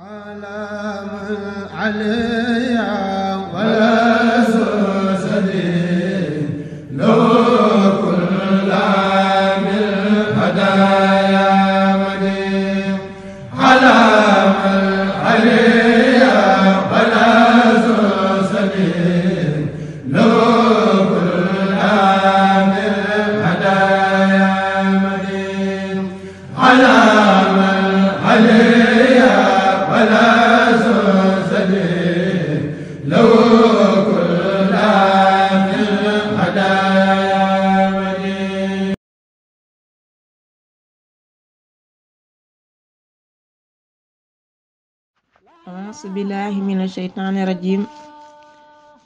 على من علي ولا سوسدي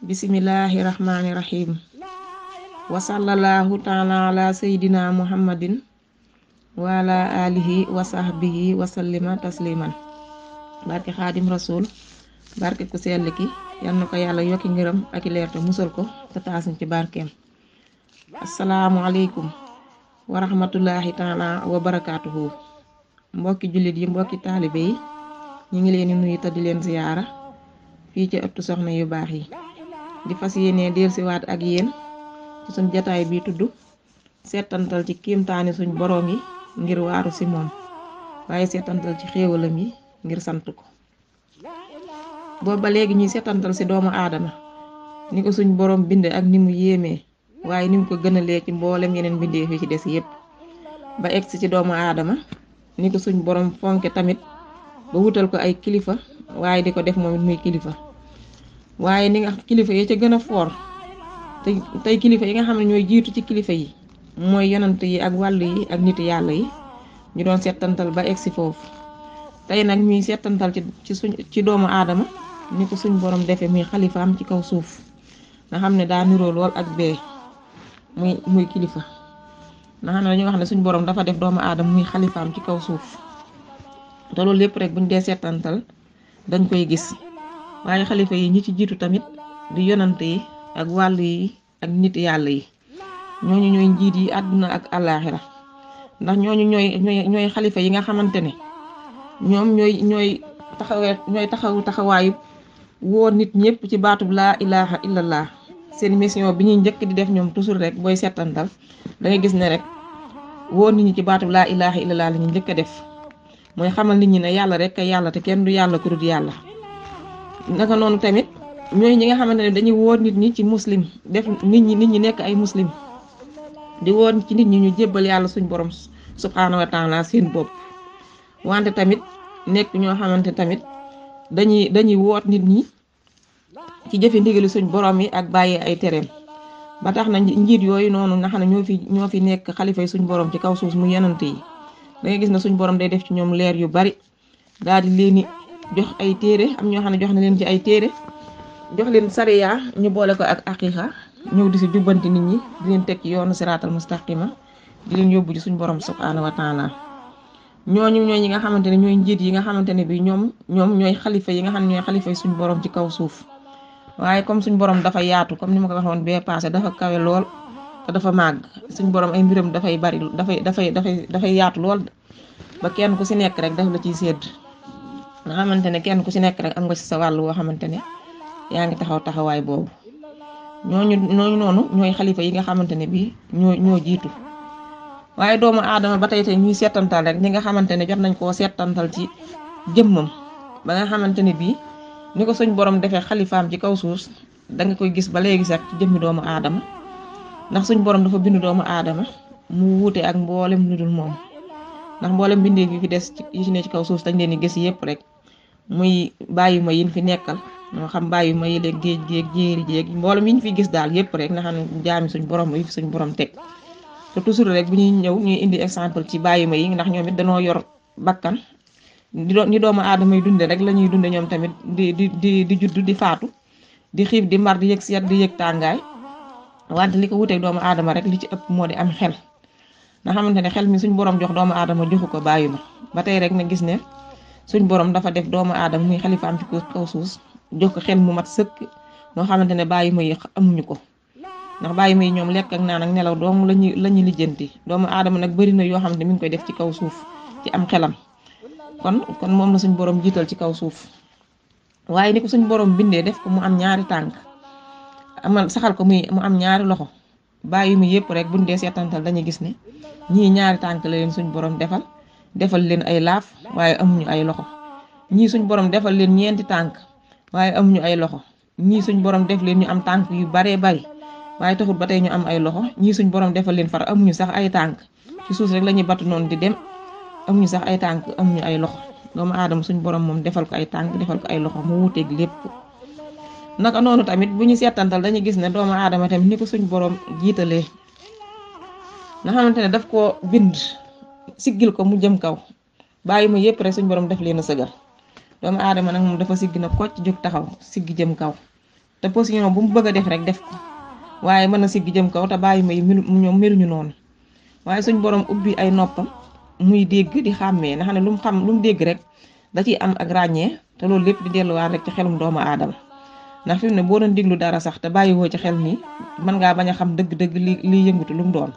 Bismillahirrahmanirrahim. Wa sallallahu ta'ala ala sayidina Muhammadin wa ala alihi wa sahbihi wa rasul barke ko selki yanno ko yalla yoki ngiram ak lerto musul ko wa rahmatullahi ta'ala wa barakatuh. Mbokki julit yi mbokki ñi ngi leen di nuyu ta di leen ziyaara fii ci ëttu soxna yu baax yi di fas yéene waat ak yéen ci suñ jataay bi tudd seetantal ci kiimtaani suñ boroom yi ngir waaru si moom waaye seetantal ci xéewalam yi ngir sant ko booba léegi ñuy seetantal si doomu aadama ni ko suñ borom binde ak ni mu yéemee waaye ni mu ko gënalee ci mboolem yeneen bindeef yi ci des yépp ba egsi ci doomu aadama ni ko suñ borom fonke tamit ba wutal ko ay kilifa waaye di ko def moom it muy kilifa waaye ni nga kilifa yi ca gën a foor te tey kilifa yi nga xam ne ñooy jiitu ci kilifa yi mooy yonant yi ak wàll yi ak nit yàlla yi ñu doon seetantal ba egsi foofu tey nag ñuy seetantal ci ci suñ ci doomu aadama ni ko suñ borom defee muy xalifaam ci kaw suuf na xam ne daa niroo lool ak bee muy muy kilifa na xam ne dañuy wax ne suñ borom dafa def doomu aadama muy xalifaam ci kaw suuf te loolu lépp rek buñ dee seetantal dañ koy gis waaye xalifa yi ñi ci jiitu tamit di yonante yi ak wàll yi ak nit yàlla yi ñooñu ñooy njiit yi àdduna ak àllaaxira ndax ñooñu ñooy ñooy xalifa yi nga xamante ne ñoom ñooy ñooy taxawee ñooy taxaw taxawaayu woo nit ñëpp ci baatub laa ilaha illallah seen mission bi ñuy njëkk di def ñoom toujours rek booy seetantal da nga gis ne rek woo nit ñi ci baatub laa ilaha illallah la ñu njëkk a def mooy xamal nit ñi ne yàlla rek kay yàlla te kenn du yàlla ku yàlla naka noonu tamit ñooy ñi nga xamante ne dañuy wóor nit ñi ci muslim def nit ñi nit ñi nekk ay muslim di wóor ci nit ñi ñu jébbal yàlla suñ borom subhaanahu wa taala seen bopp wante tamit nekk ñoo xamante tamit dañuy dañuy woot nit ñi ci jëfe ndigali suñ borom yi ak bàyyi ay tereem ba tax na njiit yooyu noonu nga xam ne ñoo fi ñoo fi nekk xalifa yi suñ borom ci kaw suuf mu yenante yi da ngay gis na suñ borom day def ci ñoom leer yu bari daal di leen jox ay téere am ñoo xam ne jox na leen ci ay téere jox leen sariya ñu boole ko ak aqiqa ñëw di si jubbanti nit ñi di leen teg yoonu siratal mustaqima di leen yóbbu ci suñ borom subhanahu wa taala ñooñu ñooy yi nga xamante ne ñooy njiit yi nga xamante ne bi ñoom ñoom ñooy xalifa yi nga xam ne ñooy xalifa suñ borom ci kaw suuf waaye comme suñ borom dafa yaatu comme ni ma ko waxoon bee passé dafa kawe lool te dafa màgg suñ borom ay mbiram dafay bari dafay dafay dafay dafay yaatu lool ba kenn ku si nekk rek daf la ciy sédd nga xamante ne kenn ku si nekk rek am nga si sa wàll woo xamante ne yaa ngi taxaw taxawaay boobu ñooñu ñooñu noonu ñooy xalifa yi nga xamante ne bii ñoo ñoo jiitu waaye doomu aadama ba tey tey ñuy seetantal ñi nga xamante ne jot nañ koo seetantal ci jëmmam ba nga xamante ne bii ni ko suñ borom defee xalifaam ci kaw suuf danga koy gis ba léegi sa ci jëmmi doomu aadama ndax suñ borom dafa bindu doomu aadama mu wuute ak mboolem lu dul moom ndax mboolem bindee gi fi des yi ci ne ci kaw suuf dañ leen di gis yépp rek muy bàyyi ma yin fi nekkal moo xam bàyyi ma yile géej géeg jéeri jéeg mboolem yiñ fi gis daal yépp rek na xam jaami suñ borom yi suñ borom teg te toujours rek bu ñuy ñëw ñuy indi exemple ci bàyyi ma yi ndax ñoom it yor bakkan ni doomu aadama yi dunde rek lañuy dunde ñoom tamit di di di di juddu di faatu di xiif di mar di yëg siyat di yëg tàngaay wante li ko wuteeg doomu aadama rek li ci ëpp moo di am xel nga xamante ne xel mi suñ borom jox doomu aadama joxu ko bàyyi ma ba tey rek na gis ne suñ borom dafa def doomu aadama muy xalifaam ci kaw suus jox ko xel mu mat sëkk noo xamante ne bàyyi ma yi amuñu ko ndax bàyyi ma yi ñoom lekk ak naan ak nelaw doomu lañu la ñuy lijjanti doomu aadama nag bëri na yoo xam ne mi ngi koy def ci kaw suuf ci am xelam kon kon moom la suñ borom jiital ci kaw suuf waaye ni ko suñ borom bindee def ko mu am ñaari tànk amal saxal ko muy mu am ñaari loxo bàyyi mi yëpp rek buñ dee seetantal dañuy gis ne ñii ñaari tànk la leen suñ borom defal defal leen ay laaf waaye amuñu ay loxo ñii suñ borom defal leen ñeenti tànk waaye amuñu ay loxo ñii suñ borom def leen ñu am tànk yu baree bari waaye taxul ba tey ñu am ay loxo ñii suñ borom defal leen far amuñu sax ay tànk ci suuf rek la ñuy battu noonu di dem ñu sax ay tànk amuñu ay loxo doomu aadama suñ borom moom defal ko ay tànk defal ko ay loxo mu wuuteeg lépp. naka noonu tamit bu ñu seetantal dañu gis ne doomu aadama tamit ni ko suñ borom jiitalee nga xamante ne daf koo bind siggil ko mu jëm kaw bàyyi ma yëpp rek suñ borom def leen a sëgal doomu aadama nag moom dafa siggi na kocc jóg taxaw siggi jëm kaw te position bu mu bëgg a def rek def ko waaye mën a siggi jëm kaw te bàyyi ma yi melu ñoom noonu waaye suñ borom ubbi ay noppam muy dégg di xàmmee nga xam ne lu mu xam lu mu dégg rek da ciy am ak ràññee te loolu lépp di delluwaat rek ci xelum doomu aadama ndax fi ne boo doon diglu dara sax te bàyyiwoo ci xel nii mën ngaa bañ a xam dëgg-dëgg li liy yëngutu lu mu doon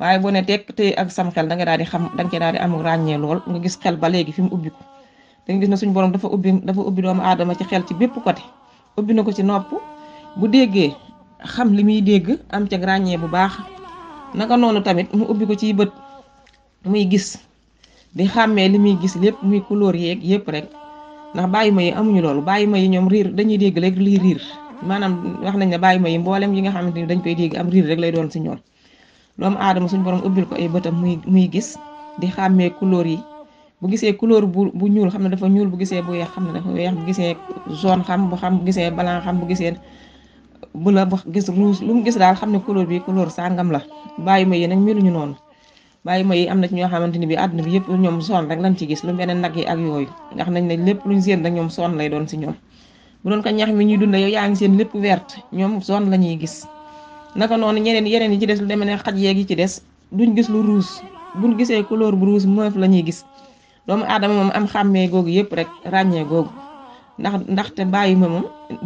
waaye boo ne tekk te ak sam xel da daal di xam da nga daal di am ràññee lool gis xel ba léegi fi mu ubbi ko da nga suñu borom dafa ubbi dafa ubbi aadama ci xel ci bépp kote ubbi na ko ci nopp bu déggee xam li muy dégg am ca ràññee bu baax naka noonu tamit mu ubbi ko ciy bët muy gis di xàmmee li muy gis lépp muy couleur yeeg yëpp rek ndax bàyyi ma yi amuñu loolu bàyyi ma yi ñoom riir dañuy dégg rek lii riir maanaam wax nañ ne bàyyi ma yi mboolem yi nga xamante ni dañ koy dégg am riir rek lay doon si ñoom doomu aadama suñu borom ubbil ko ay bëtam muy muy gis di xàmmee couleur yi bu gisee couleur bu bu ñuul xam ne dafa ñuul bu gisee bu weex xam ne dafa weex bu gisee jaune xam bu xam bu gisee blanc xam bu gisee bu la bu gis rouge lu mu gis daal xam ne couleur bi couleur sàngam la bàyyi ma yi nag meluñu noonu bàyyi ma yi am na ci ñoo xamante ni bi àdduna bi yëpp ñoom sonn rek lañ ci gis lu beneen nag yi ak yooyu ndax nañ ne lépp luñ seen rek ñoom sonn lay doon si ñoom doon ko ñax mi ñuy dunda yow yaa ngi seen lépp verte ñoom sonn la ñuy gis naka noonu ñeneen yeneen yi ci des lu ne xaj yeeg yi ci des duñ gis lu ruus buñ gisee couleur ruus meuf la ñuy gis doomu aadama moom am xàmmee yëpp rek ràññee googu ndax ndaxte bàyyi ma moom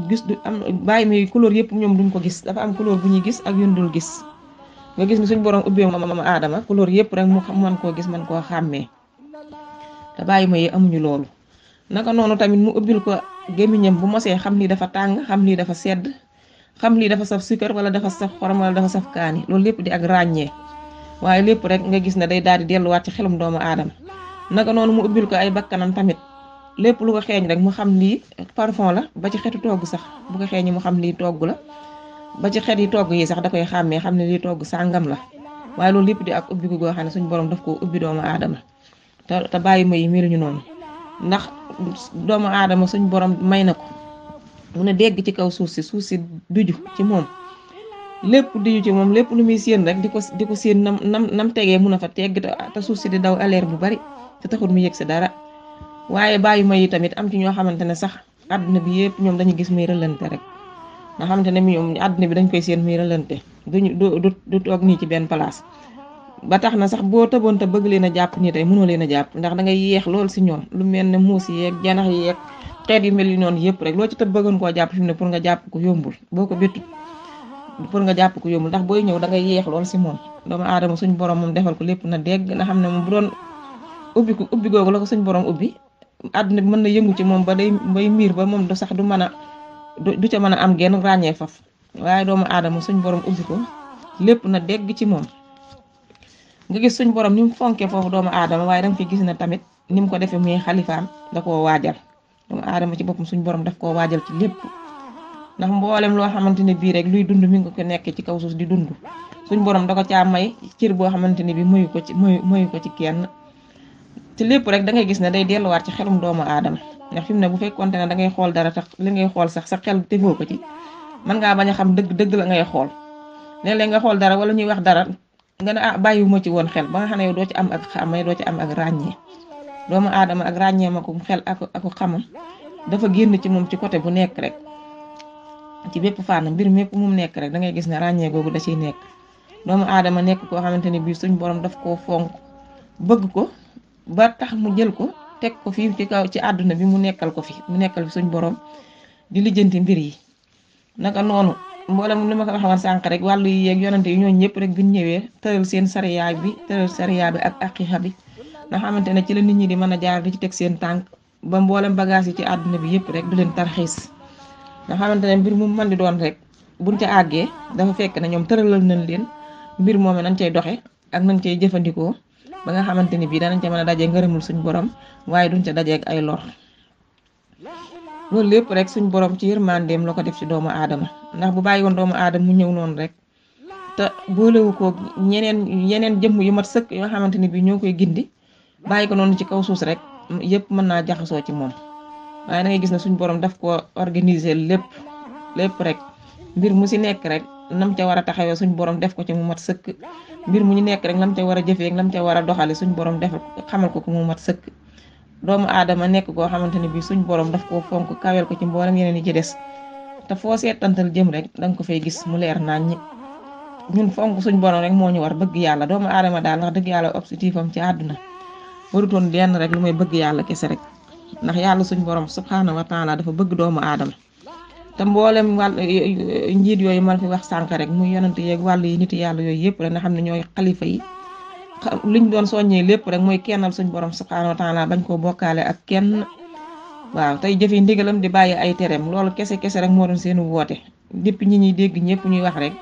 gis du am bàyyi ma couleur yëpp ñoom duñ ko gis dafa am couleur bu ñuy gis ak yun dul gis nga gis ni suñ borom ubbee moom aadama couleur yëpp rek mu man koo gis man koo xàmmee te bàyyi ma yi amuñu loolu naka noonu tamit mu ubbil ko gémmiñam bu mosee xam ni dafa tàng xam ni dafa sedd xam lii dafa saf suukar wala dafa saf xorom wala dafa saf kaani loolu lépp di ak ràññee waaye lépp rek nga gis ne day daal di delluwaat ci xelum doomu aadama naka noonu mu ubbil ay bakkanam tamit lépp lu ko xeeñ rek mu xam lii parfum la ba ci xetu togg sax bu ko xeeñi mu xam lii togg la ba ci xet yi togg yi sax da koy xàmmee xam ne lii togg sàngam la waaye loolu lépp di ak ubbi goo xam ne suñ borom daf koo ubbi doomu aadama te bàyyi ma yi meluñu noonu ndax doomu aadama suñu borom may na ko mu ne dégg ci kaw suuf si suuf si duju ci moom lépp duju ci moom lépp lu muy séen rek di ko di ko séen nam nam nam tegee mun a fa tegg te suuf si di daw aleer bu bari te taxul mu yëg si dara waaye bàyyi ma yi tamit am ci ñoo xamante ne sax àdduna bi yëpp ñoom dañu gis muy rëlante rek nga ne mii àdduna bi dañ koy seen muy ralante duñu du du toog nii ci benn place ba tax na sax boo tëboon te bëgg leen a jàpp nii tey mënoo leen a jàpp ndax da ngay yeex lool si ñoom lu mel ne muus yeeg janax yeeg xeet yu mel ni noonu yëpp rek loo ci tëb bëggoon koo jàpp mu ne pour nga jàpp ko yombul boo ko béttu pour nga jàpp ko yombul ndax booy ñëw da ngay yeex si moom doomu aadama suñ borom moom defal ko lépp na dégg na xam ne moom bu doon ubbi ko ubbi googu la ko suñ borom ubbi àdduna bi mën na yëngu ci moom ba day bay miir ba moom da sax du mën a du du ca mën a am genn ràññee faf waaye doomu aadama suñ borom ubbi ko lépp na dégg ci moom nga gis suñ borom ni mu fonkee foofu doomu aadama waaye danga fi gis na tamit ni mu ko defee muy xalifaam da koo waajal doomu aadama ci boppam suñ borom daf koo waajal ci lépp ndax mboolem loo xamante ne bii rek luy dund mi ngi ko nekk ci kaw suuf di dund suñ borom da ko caa may cir boo xamante ne bii mayu ko ci mayu ko ci kenn te lépp rek da ngay gis ne day delluwaat ci xelum doomu aadama. ndax fi mu ne bu fekkonte ne da ngay xool dara tax li ngay xool sax sa xel tegoo ko ci mën ngaa bañ a xam dëgg dëgg la ngay xool léeg-léeg nga xool dara wala ñuy wax dara nga ne ah bàyyiwuma ci woon xel ba nga xam ne yow doo ci am ak xamee doo ci am ak ràññee doomu aadama ak ràññee ma xel ak ak xamam dafa génn ci moom ci côté bu nekk rek ci bépp fànn mbir mépp mu nekk rek da ngay gis ne ràññee googu da ciy nekk doomu aadama nekk koo xamante ne bii suñ borom daf koo fonk bëgg ko ba tax mu jël ko teg ko fii ci kaw ci àdduna bi mu nekkal ko fi mu nekkal fi suñ borom di lijjanti mbir yi naka noonu mboolem li ma ko waxoon sànq rek wàllu yi yeeg yonante yi ñooñu ñëpp rek bi ñu ñëwee tëral seen sariya bi tëral bi ak aqiqa bi nga xamante ne ci la nit ñi di mën a jaar bi ci teg seen tànk ba mboolem bagage yi ci àdduna bi yëpp rek du leen tarxiis nga xamante ne mbir mu man di doon rek buñ ca àggee dafa fekk na ñoom tëral tëralal nañ leen mbir moom nañ cay doxe ak nañ cay jëfandikoo ba nga xamante ni bii danañ ca mën a dajee ngërëmul suñ borom waaye duñ ca dajeek ay lor loolu lépp rek suñ borom ci yërmandeem la ko def ci doomu aadama ndax bu bàyyi woon doomu aadama mu ñëw noonu rek te boolewu ko ñeneen yeneen jëmm yu mat sëkk yu xamante ni bii ñoo koy gindi bàyyi ko noonu ci kaw suus rek yëpp mën naa jaxasoo ci moom waaye da gis ne suñ borom daf ko organiser lépp lépp rek mbir mu si nekk rek nam ca war a taxawee suñ borom def ko ci mu mat sëkk mbir mu ñu nekk rek lam ca war a jëfee ak lam ca war a doxale suñ borom def xamal ko ko mu mat sëkk doomu aadama nekk koo xamante ne bii suñ borom daf koo fonk kawel ko ci mboolem yeneen yi ci des te foo seetantal jëm rek danga ko fee gis mu leer ñi ñun fonk suñ borom rek moo ñu war bëgg yàlla doomu aadama daal ndax dëgg yàlla objectif am ci àdduna toon lenn rek lu may bëgg yàlla kese rek ndax yàlla suñ borom subhaana wa taala dafa bëgg doomu aadama te mboolem wal eh, eh, eh, njiit yoy ma fi wax sank rek muy yonante yeeg wal yi nit yalla yoy yëpp rek na xamni ñoy khalifa yi luñ doon soñé lépp rek moy kennal suñ borom subhanahu wa taala bañ ko bokalé ak kenn waaw tay jëfi ndigalam di bàyyi ay tereem loolu kese kese rek mo doon seenu woote dépp ñi ñuy dégg ñëpp ñuy wax rek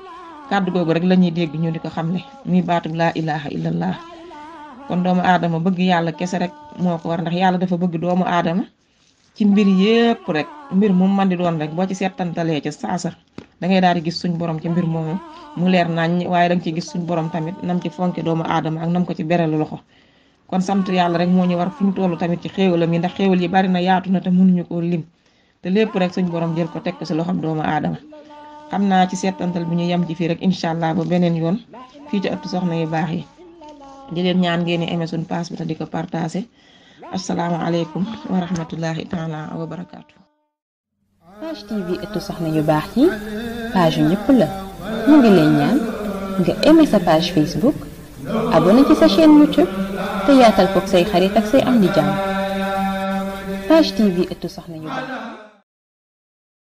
kaddu gogu rek lañuy dégg ñu diko ko muy baatub la ilaha illallah kon doomu adama bëgg yalla kese rek moko war ndax yalla dafa bëgg doomu adama ci mbir yépp rek mbir mu man di doon rek boo ci seetantalee ca saasa da ngay daal di gis suñ borom ci mbir moomu mu leer nañ waaye danga ci gis suñ borom tamit nam ci fonke doomu aadama ak nam ko ci berelu loxo kon sant yàlla rek moo ñu war fu ñu toll tamit ci xéewalam yi ndax xéewal yi bari na yaatu na te mënuñu koo lim te lépp rek suñ borom jël ko teg ko si loxoom doomu aadama xam naa ci seetantal bi ñu yem ci fii rek incha allah ba beneen yoon fii ci ëttu soxna yi baax yi di leen ñaan ngeen di aimé suñ pass di ko partagé asalaamaaleykum wa rahmatullahi taala wa barakaatu. Page TV ëttu soxna yu baax yi paju yu la mu ngi lay ñaan nga aimé sa page Facebook abonné ci sa chaîne YouTube te yaatal koog say xarit ak say am di jàmm Page TV ëttu soxna yu baax